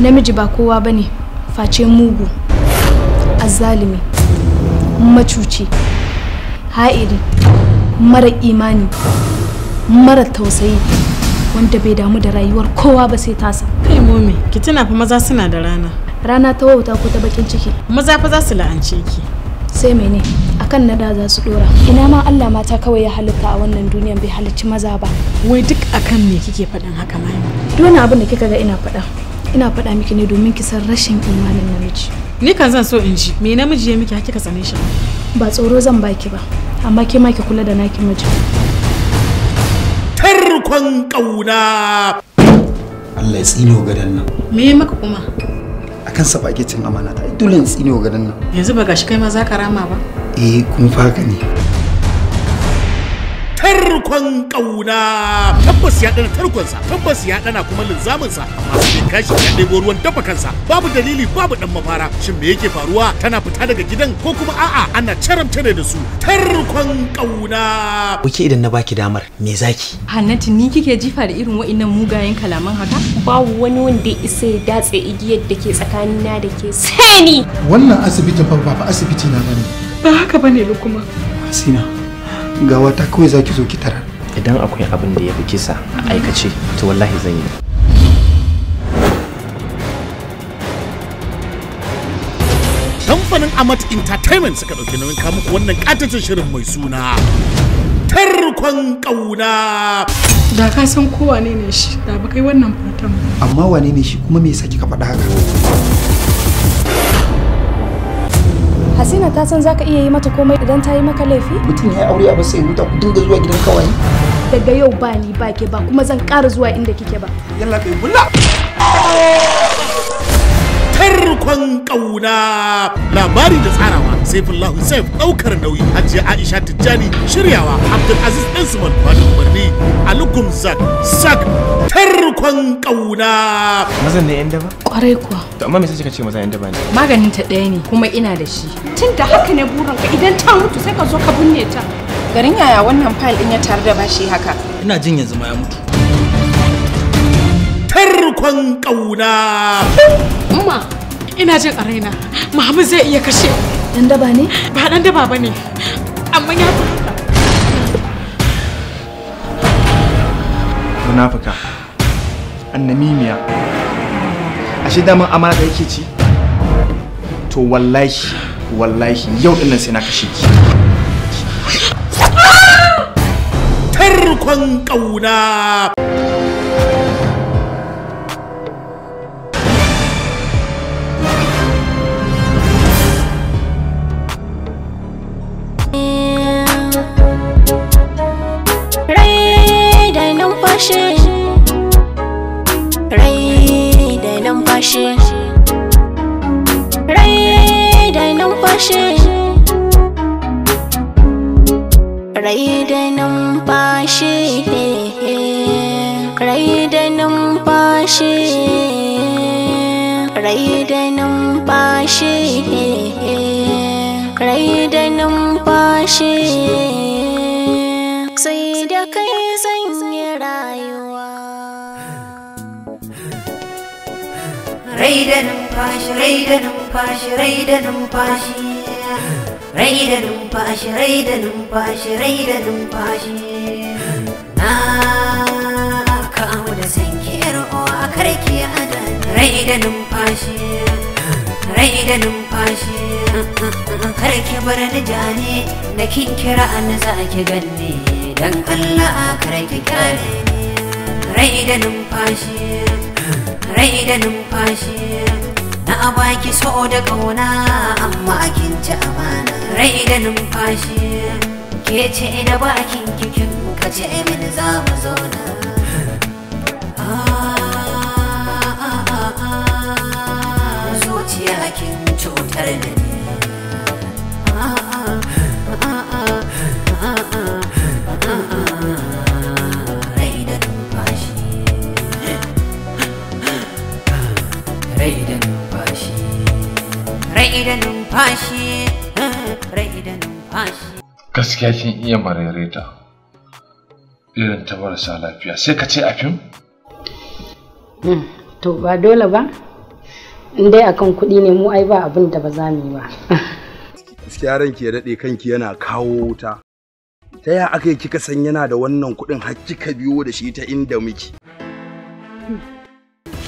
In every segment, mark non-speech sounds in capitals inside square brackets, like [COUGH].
namiji ba kowa bane face mugu azalimi macuci ha'iri mara imani mara tausayi wanda bai damu da rayuwar kowa ba sai tasa kai momi ki tuna fa maza suna da rana rana ta wauta ko ta bakin ciki maza fa za su la'ance ki sai mene akan da za su dora ina ma Allah mata kawai ya halitta a wannan duniyan bai halicci maza ba wai duk akan me kike faɗin haka mai dole abin da kika ga ina faɗa ina faɗa miki ne domin ki san rashin imanin namiji ni kan zan so in ji me namiji ya miki har kika tsane shi ba tsoro zan baki ba amma ke ma ki kula da naki miji tarkon kauna Allah ya tsino gadan nan me maka kuma akan sa bakitin amana ta dole in tsino gadan nan yanzu ba gashi kai ma za ka rama ba eh kun faka ne tarkon kauna tabbas ya ɗana tarkonsa tabbas ya ɗana kuma linzaminsa masu bin kashi ya ɗebo ruwan dafa kansa babu dalili babu ɗan mafara shin me yake faruwa tana fita daga gidan ko kuma a'a ana charamta ne da su tarkon ƙauna. Wuke idan na baki damar me zaki? Hannatu ni kike jifa da irin wa'innan mugayen kalaman haka? Babu wani wanda ya isa ya datse igiyar da ke tsakanina da ke sani. Wannan asibitin fa ba asibiti na bane. Ba haka bane lokuma Hasina. ga wata kawai za ki zo ki tara. idan akwai abin da ya fi kisa a aikace to wallahi zan yi kamfanin amat entertainment suka ɗauki nauyin kamu wannan katacin shirin mai suna tarkon ƙauna da ka san ko wane ne shi da ba kai wannan fatan ba amma wane ne shi kuma me yasa kika faɗa haka asina ta san zaka iya yi mata komai idan ta yi maka laifi mutum ya aure a ba sai huta ku dinga zuwa gidan kawai daga yau ba ni ba ke ba kuma zan ƙara zuwa inda kike ba yalla kai bulla tarkon kauna labari da tsarawa saifullah hussein daukar nauyi hajiya aisha tijjani shiryawa abdulaziz aziz suman ba da umarni alukum zak zak tarkon kauna mazan ne yan daba kwarai kuwa to amma me sai kika ce mazan yan daba ne maganin ta ɗaya ne kuma ina da shi tun da haka ne burin ka idan ta mutu sai ka zo ka binne ta garin yaya wannan fayil din ya tare da bashi haka ina jin yanzu ma ya mutu fan ƙauna. Umma, ina jin a raina, Muhammad zai iya kashe. Dan daba ne? Ba dan daba ba ne, amma ya fi haka. Munafuka, annamimiya, ashe daman amana da yake ci? To wallahi, wallahi yau nan sai na kashe ki. tarkon ƙauna. tashi rai da numfashi rai da numfashi rai da numfashi rai da numfashi rai da numfashi rai da numfashi numfashi rai da numfashi rai da numfashi rai da numfashi rai da numfashi rai da numfashi na kawo da sankero a karki ada rai da numfashi rai da numfashi karki bar ni jane na kin kira an zaki ganne dan Allah karki kyale rai da numfashi rai da numfashi abaki baki so da kauna amma kin ci amana rai da numfashi ke ce da bakin kikin ka ce min za mu zauna zuciya kin cutar da ni numfashi rai gaskiya kin iya maraireta irin ta marasa lafiya sai ka ce a hmm, to ba dole ba in dai akan kuɗi ne mu ai ba abin da ba za mu yi ba gaskiya ranki ya daɗe kanki yana kawo wuta ta ya aka kika san yana da wannan kuɗin har kika biyo da shi ta inda muke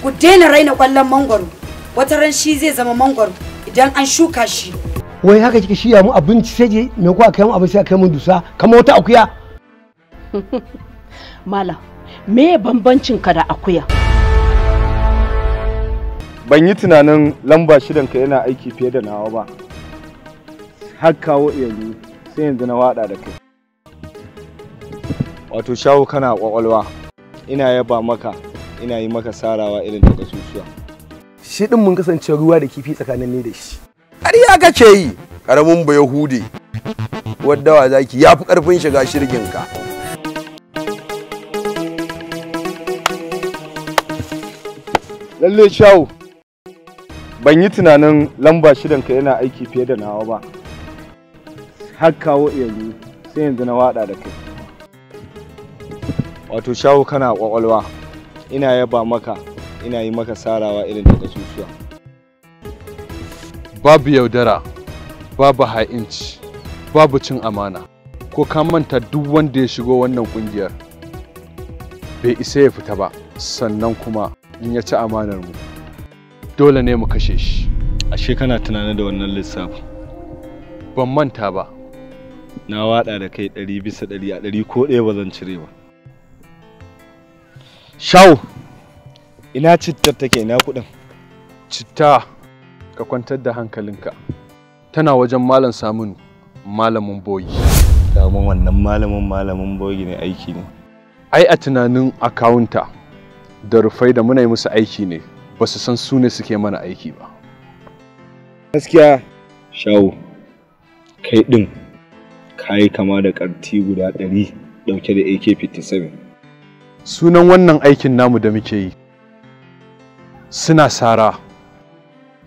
ku daina raina ƙwallon mangwaro wata ran shi zai zama mangwaro idan an shuka shi wai haka kike shiya mu abinci sai je me ko kai mu abinci sai kai mu dusa kamar wata akuya [LAUGHS] Mala, me bambancin ka da akuya ban yi tunanin lamba shidan ka yana aiki fiye da nawa ba har kawo yanzu sai yanzu na wada da kai wato shawo kana kwakwalwa ina yaba maka ina yi maka sarawa irin daga susuwa shi din mun kasance ruwa da kifi tsakanin ni da shi Har ya kake yi Karamin ba yahudi wadda wa zaki ya fi ƙarfin shiga shirgin ka lalle shawo ban yi tunanin lamba shidan ka yana aiki fiye da nawa ba har kawo yanzu sai yanzu na wada da kai wato shawo kana kwakwalwa ina yaba maka ina yi maka sarawa irin ta kasusuwa babu yaudara babu ha'inci babu cin amana ko ka manta duk wanda ya shigo wannan kungiyar bai isa ya fita ba sannan kuma in ya ci amanar mu dole ne mu kashe shi ashe kana tunanin da wannan lissafi ban manta ba na wada da kai ɗari bisa ɗari a ɗari ko ɗaya ba zan cire ba shawo ina cittar take ina kuɗin citta ka kwantar da hankalinka tana wajen malam samun malamin boyi damun wannan malamin malamin boyi ne aiki ne ai a tunanin akawunta da rufai da muna yi musu aiki ne ba su san su ne suke mana aiki ba gaskiya shawo kai ɗin kayi kama da karti guda ɗari ɗauke da ak-57 sunan wannan aikin namu da muke yi suna sara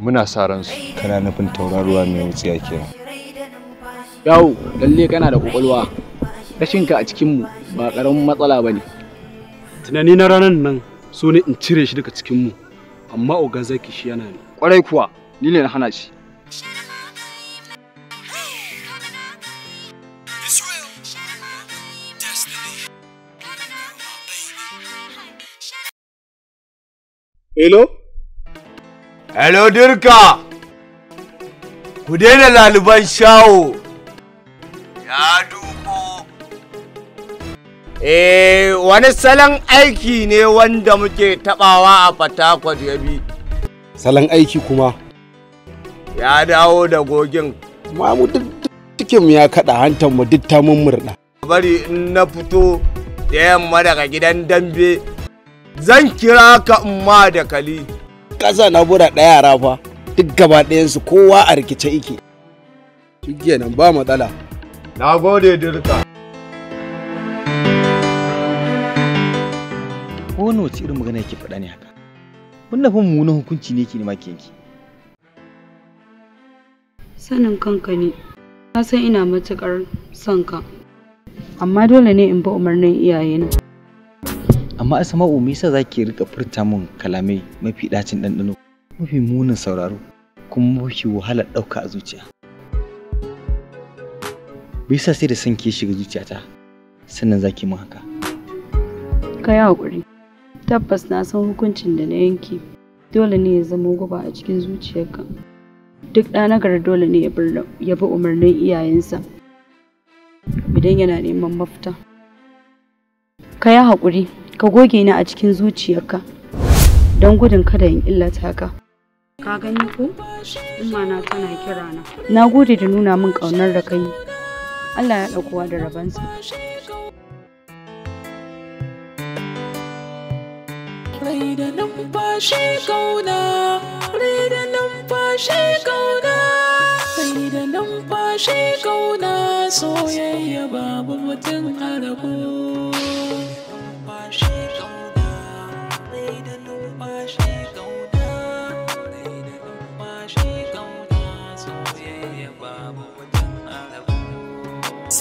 muna saran su kana nufin tauraruwa mai wutsiya kenan yawo lalle kana da kwakwalwa rashin a cikin mu ba karamin matsala ba ne. tunani na ranar nan so ne in cire shi daga cikin mu amma ogan zaki shi yana ne kwarai kuwa ni ne na hana shi Hello? Hello Dirka! Ku daina laliban shawo! Ya duko! Eh, wani salon aiki ne wanda muke tabawa a Fatakwal ya bi. Salon aiki kuma? Ya dawo da gogin. Ma mu ya kaɗa hantar mu duk ta mummurna. Bari in na fito da yamma daga gidan dambe. zan kira ka umma da kali ƙasa na bura ɗaya rafa duk gaba ɗayansu kowa a rikice ike shi nan ba matsala na gode dirka wani wace irin magana yake faɗa ne haka wannan fa mummunan hukunci ne ke nema yanki sanin kanka ne na san ina matuƙar son ka amma dole ne in bi umarnin iyayena amma asma'u me yasa zaki rika furta mun kalamai mafi ɗacin ɗanɗano mafi munin sauraro kuma mafi wahala ɗauka a zuciya me yasa sai da san ke shiga zuciyata sannan zaki mun haka ka yi haƙuri tabbas na san hukuncin da na yanke dole ne ya zama guba a cikin zuciyarka duk ɗa nagari dole ne ya bi umarnin iyayensa idan yana neman mafita ka yi haƙuri ka goge ni a cikin zuciyarka don gudun kada in illata ka ka gani ko na tana kira na na gode da nuna min ƙaunar da kai Allah ya ɗaukowa da rabansa rai da numfashi kauna soyayya babu mutum a rabo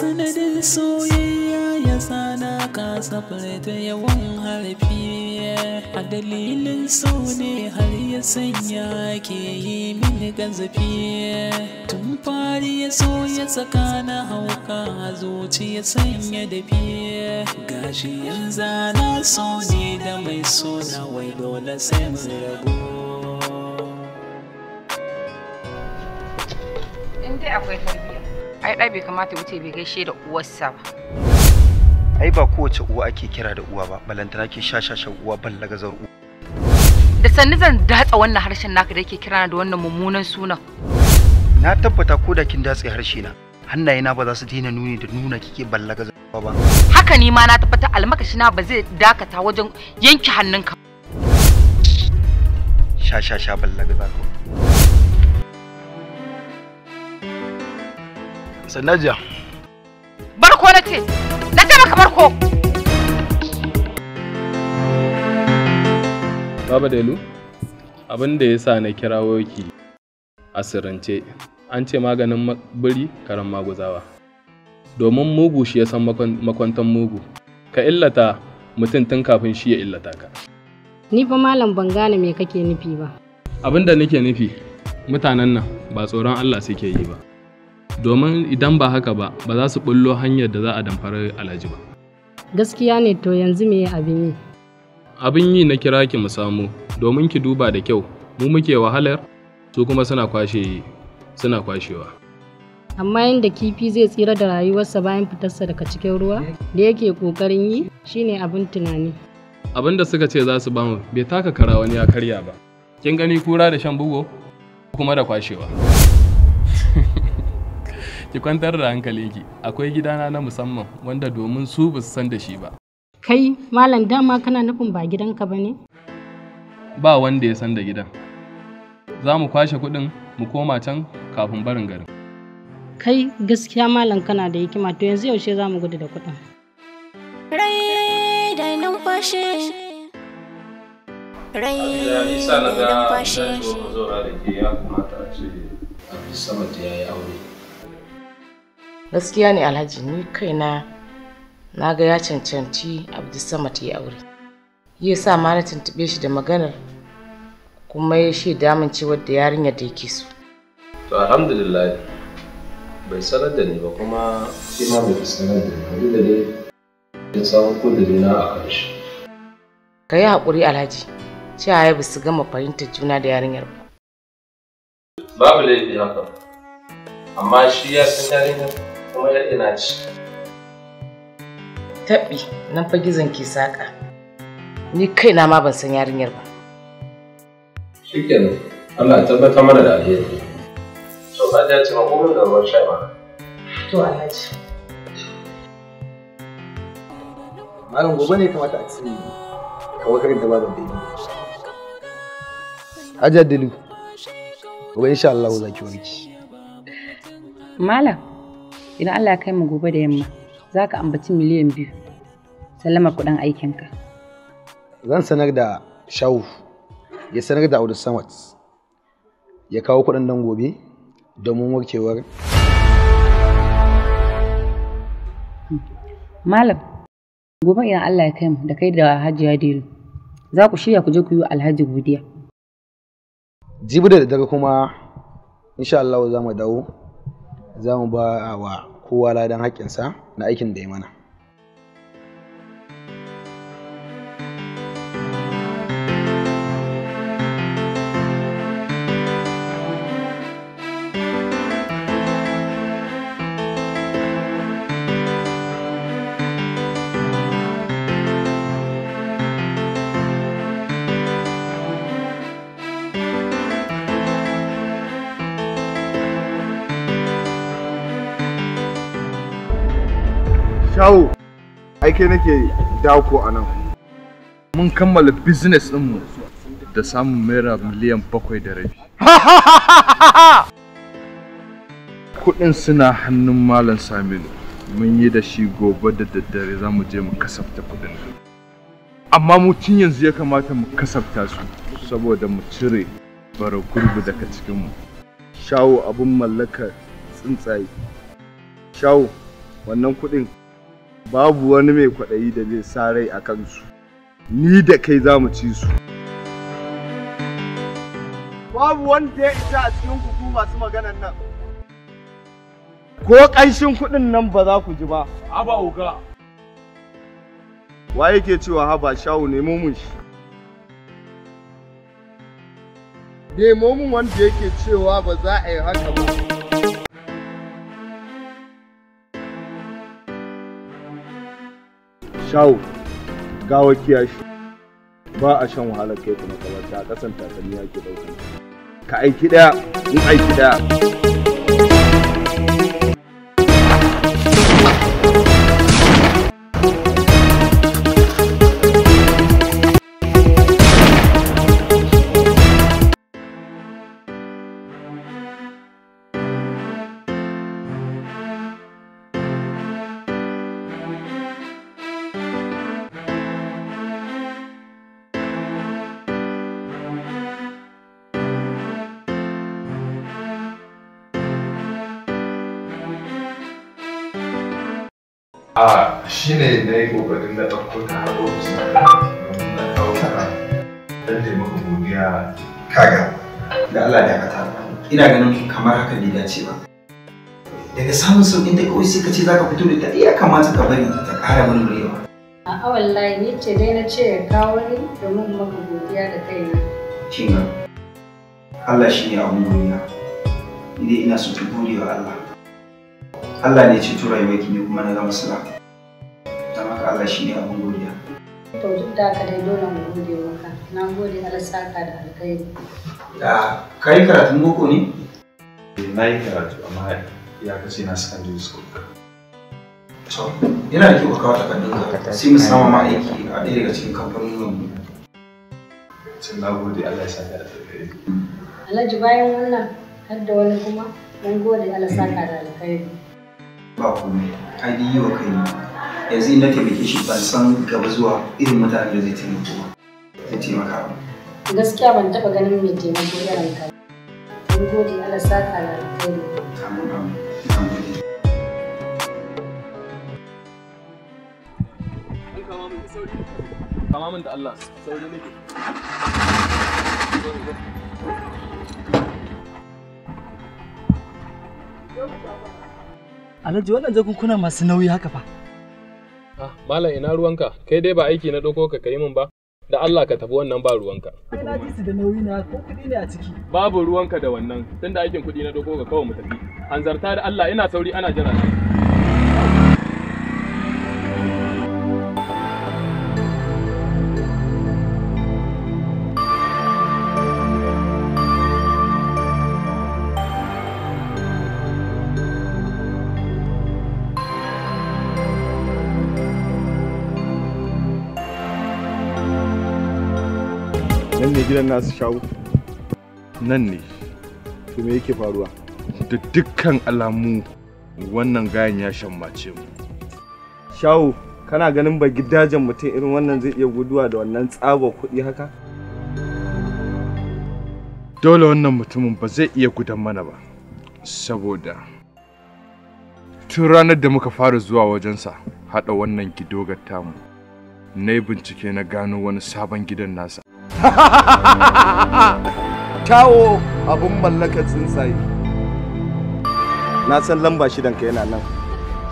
sanadin soyayya ya sana ka ta yawan harfi a dalilin so ne har ya sanya ke yi mini gazafi tun fari ya so ya saka na hauka zuci ya sanya da fiye gashi yanzu na so ne da mai so na wai dole sai mu rabu ai ɗa bai kamata wuce bai gaishe da uwarsa ba ai ba kowace uwa ake kira da uwa ba balantana ke shashashan uwa ballagazar uwa da sanni zan datsa wannan harshen naka da yake kira da wannan mummunan sunan na tabbata ko da kin datse harshe na hannaye na ba za su daina nuni da nuna kike ballagazar uwa ba haka ni ma na tabbata almakashi na ba zai dakata wajen yanke hannunka shashasha ballagazar uwa Sanaja. Barko na ce, na ce maka barko. Baba Delu, abin da ya sa na kirawo ki a sirrance, an ce maganin biri karan maguzawa. Domin mugu shi ya san makwantan mugu, ka illata mutum tun kafin shi ya illata ka. Ni fa malam ban gane me kake nufi ba. Abin da nake nufi, mutanen nan ba tsoron Allah suke yi ba. domin idan ba haka ba ba za su bullo hanyar da za a damfari alhaji ba gaskiya ne to yanzu me abin yi abin yi na kira ki mu samu domin ki duba da kyau mu muke wahalar su kuma suna kwashe suna kwashewa amma yadda kifi zai tsira da rayuwarsa bayan fitarsa daga cikin ruwa da yake kokarin yi shine abin tunani abin da suka ce za su bamu bai taka kara wani ya karya ba kin gani kura da shan bugo kuma da kwashewa ki kwantar da ki, akwai gidana na musamman wanda domin su ba san da shi ba kai malam dama kana nufin ba gidanka ba ne ba wanda ya san da gidan za mu kwashe kuɗin mu koma can kafin barin garin kai gaskiya malam kana da hikima to yanzu yaushe za mu gudu da kuɗin rai da numfashi rai da numfashi Rai da numfashi. Rai da numfashi. Rai da ya yi aure gaskiya ne alhaji ni kaina na ga ya cancanci abdulsamad ya aure ya sa ma na tuntuɓe shi da maganar kuma ya shaida min cewa da yarinyar da yake so to alhamdulillah bai sanar da ni ba kuma shi ma bai sanar da ni ba da dai ya samu kudiri na a kan shi ka yi haƙuri alhaji cewa ya bisu gama fahimtar juna da yarinyar ba babu laifi haka amma shi ya san yarinyar kuma yar ina ci taɓi nan fa gizon ke saƙa ni kaina ma ban san yarinyar ba shikenan Allah tabbata mana da alheri to ba ta ci makomin da ruwan sha to alhaji malam gobe ne kamata a ci kawai karin da malam da yi Hajar Dilu, gobe insha Allah za ki warki. Malam, Idan Allah ya kai mu gobe da yamma, za ka ambaci miliyan biyu. Sallama kuɗin aikinka. Zan sanar da Shawu ya sanar da Audu Samad ya kawo kuɗin nan gobe domin warkewar. Malam, gobe idan Allah ya kai mu da kai da Hajiya Delu, za ku shirya ku je ku yi Alhaji godiya. Jibu da daddare kuma insha Allah za mu dawo za mu ba wa kowa ladan haƙƙinsa na aikin da ya mana aike nake dako a nan mun kammala business mu da samun naira miliyan bakwai da rabi [LAUGHS] kuɗin suna hannun malam saminu mun yi da shi gobe da daddare za mu je mu kasafta kuɗin amma mu tun yanzu ya kamata mu kasafta su saboda mu cire bara gurbi daga cikinmu shawo abin mallakar tsuntsaye shawo wannan kuɗin babu wani mai kwaɗayi da zai sa rai a kansu ni da kai za mu ci su babu wanda ya isa a cikin kuku masu maganan nan ko ƙanshin kuɗin nan ba za ku ji ba haba uga wa yake cewa haba shawo nemo mun shi nemo mun wanda yake cewa ba za a yi haka ba shawo gawa kiyashi ba a shan wahalar kai kuma kabarta ta ƙasan takalmi ake ɗaukan ka aiki ɗaya in aiki ɗaya a shi ne na yi ƙoƙarin na ɗauko ta har ofis na na kawo ta don taimaka godiya kaga da Allah da kata ina ganin kamar haka bai dace ba daga samun sauƙin da kawai sai ka ce ka fito da ta iya kamata ka bari ta ƙara murmurewa a wallahi ni ce dai na ce kawo ni domin maka godiya da kaina kinga Allah shi ne abun godiya ni dai ina so ta gode wa Allah Allah ne ce tura yau ne kuma na gama sala. Ta maka Allah shi ne abin godiya. To duk da ka dai dole mu gode maka. Na gode Allah saka da alkhairi. Da kai karatun boko ne? Na yi karatu amma ya kace na secondary school. To ina da kyau ka kawo takardun ka sai mu samu ma aiki a ɗaya daga cikin kamfanonin nan. Sai na gode Allah ya saka da alkhairi. Alhaji bayan wannan har da wani kuma mun gode Allah saka da alkhairi. ba komai ai dai yi wa kai yanzu na taimake shi ban san gaba zuwa irin mutane da zai taimako ba zai taimaka ba gaskiya ban taɓa ganin mai taimako irin ka mun gode Allah saka Thank you. Alhaji waɗannan jakunkuna masu nauyi haka fa. Ah, malam ina ruwanka, kai dai ba aiki na ɗauko ka kai min ba. Da Allah ka tafi wannan ba ruwanka. Kai na ji su da nauyi na ko kuɗi ne a ciki. Babu ruwanka da wannan, tunda aikin kuɗi na ɗauko ka kawo mu tafi. Hanzarta da Allah ina sauri ana jira. ne gidan nasu shawo nan ne to me yake faruwa da dukkan alamu wannan gayan ya shammace mu shawo kana ganin ba gidajen mutum irin wannan zai iya guduwa da wannan tsaba kuɗi haka dole wannan mutumin ba zai iya gudan mana ba saboda tun ranar da muka fara zuwa wajensa haɗa wannan gidogar tamu na yi bincike na gano wani sabon gidan nasa [LAUGHS] kyawo abun mallakar tsuntsaye na san lamba shidanka yana nan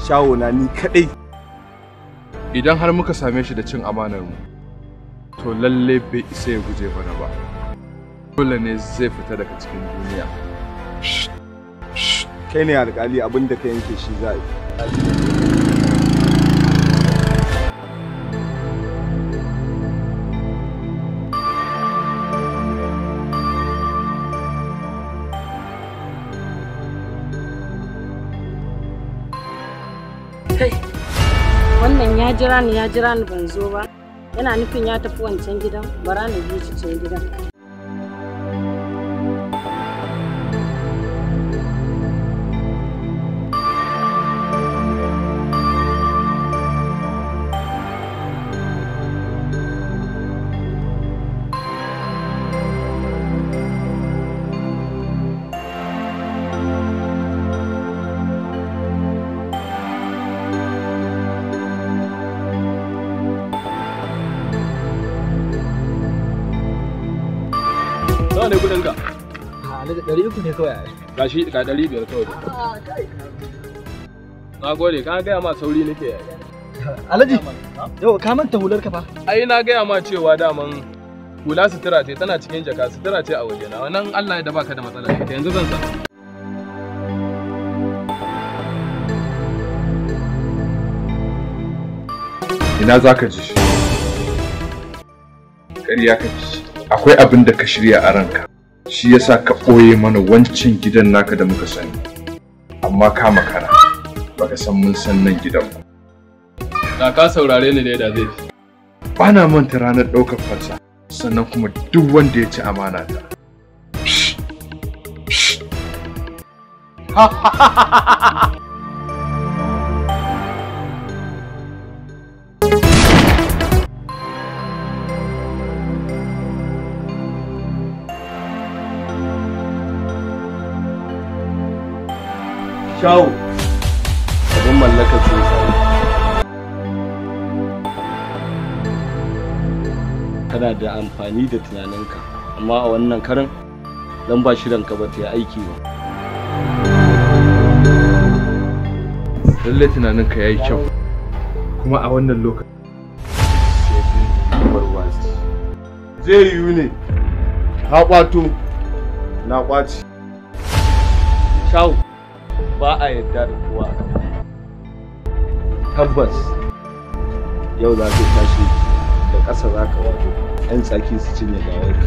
shawo na ni kaɗai. idan har muka same shi da cin amanar mu to lalle bai isa ya guje mana ba dole ne zai fita daga cikin duniya kai ne alkali abin da ka yanke shi za yi jira ni ya jira ni ban zo ba yana nufin ya tafi wancan gidan bara na bi can gidan ne ɗari uku ne kawai ga shi ga ɗari biyar kawai ah, na gode ka gaya ma sauri nake yayi alhaji yau ka manta hular ka fa ai na gaya ma cewa daman hula sutura ce tana cikin jaka sutura ce a waje na wannan Allah ya da baka da matsala ita yanzu zan ina ji shi ka ji akwai abin da ka shirya a ranka shi yasa ka ɓoye mana wancan gidan naka da muka sani amma ka makara baka san mun san nan gidan ba da ka saurare ni da zai ba na manta ranar ɗaukar fansa sannan kuma duk wanda ya ci amana ta ha ha ha ha ha Ciao. abin mallakar tsuntsaye kana da amfani da tunaninka amma a wannan karin dan ba shirinka ba ta yi aiki ba lallai tunaninka ya yi kyau kuma a wannan lokacin zai yiwu ne Ha ƙwato. na ƙwaci. shawo ba a yarda da kowa tabbas yau za ka tashi da ƙasa za ka wato 'yan tsaki su cinye gawar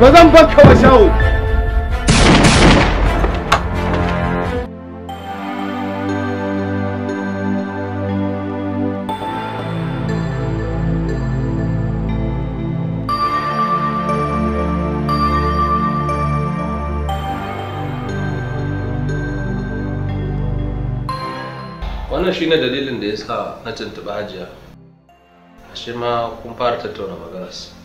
ba zan bakka wa shawo wannan shine dalilin da ya sa na tuntuɓi hajiya shi ma kun fara tattauna su.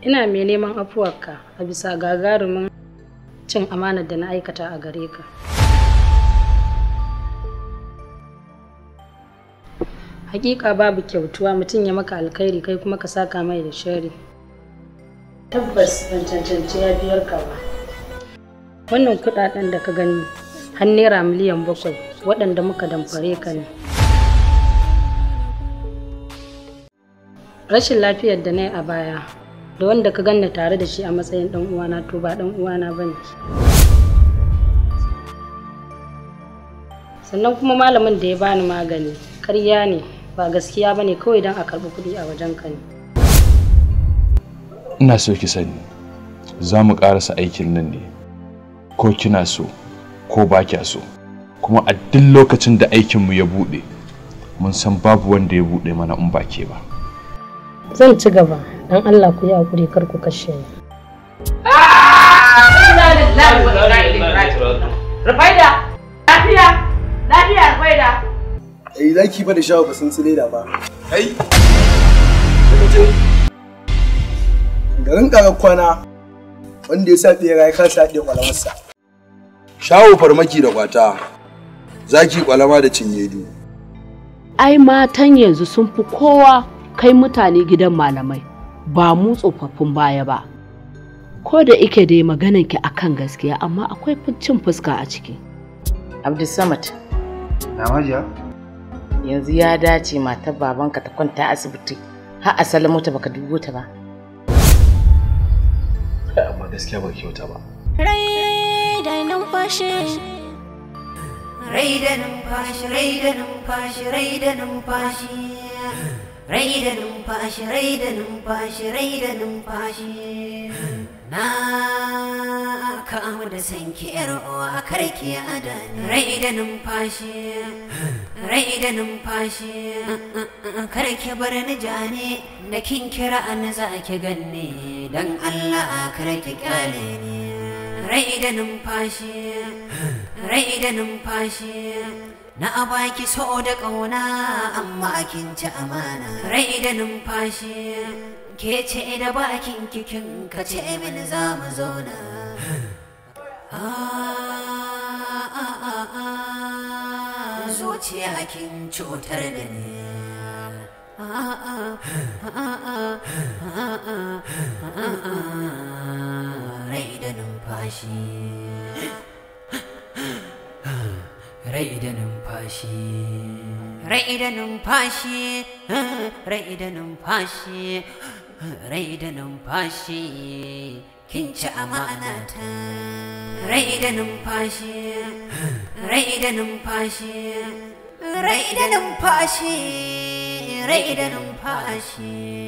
ina mai neman afuwarka a bisa gagarumin cin amanar da na aikata a gare ka hakika babu kyautuwa mutum ya maka alkhairi kai kuma ka saka mai da shari tabbas ban cancanci ya biyar ka ba wannan kudaden da ka gani har naira miliyan bakwai waɗanda muka damfare ka ne rashin lafiyar da na yi a baya da wanda ka ganna tare da shi a matsayin dan uwana to ba dan uwana bane sannan kuma malamin da ya bani magani karya ne ba gaskiya bane kawai dan a karɓi kuɗi a wajen ka ne ina so ki sani za mu ƙarasa aikin nan ne ko kina so ko ba kya so kuma a duk lokacin da aikinmu ya buɗe mun san babu wanda ya buɗe mana in ba ke ba zan ci gaba dan Allah ku yi hakuri kar ku kashe ni Rufaida lafiya lafiya Rufaida eh zaki ba da shawo ba sun tsile da ba kai garin karar kwana wanda ya sa bera ya kasa haɗe kwalamarsa. Shawo farmaki da kwata, zaki kwalama da cinye du. Ai matan yanzu sun fi kowa kai mutane gidan malamai. ba mu tsofaffin baya ba ko da ike dai maganar ki akan gaskiya amma akwai cin fuska a ciki abdulsamad namajiya yanzu ya dace matar babanka ta kwanta asibiti har a salamota baka dubo ta ba amma gaskiya ba kyauta ba rai da numfashi rai da numfashi rai da numfashi rai da numfashi rai da numfashi numfashi rai da numfashi rai da numfashi na kamu da sanki yar uwa karki ada rai da numfashi rai da numfashi karki bar ni jane da kin kira an za ki ganne dan Allah karki kyale ni rai da numfashi rai da numfashi na baki so da ƙauna amma kin ci amana rai da numfashi ke ce da bakin kikin ka ce min za mu zauna ah, ah, ah, zuciya kin cutar da ni rai da numfashi rai da numfashi rai da numfashi rai da numfashi rai da numfashi kin ci amana ta rai da numfashi rai da numfashi rai da numfashi rai da numfashi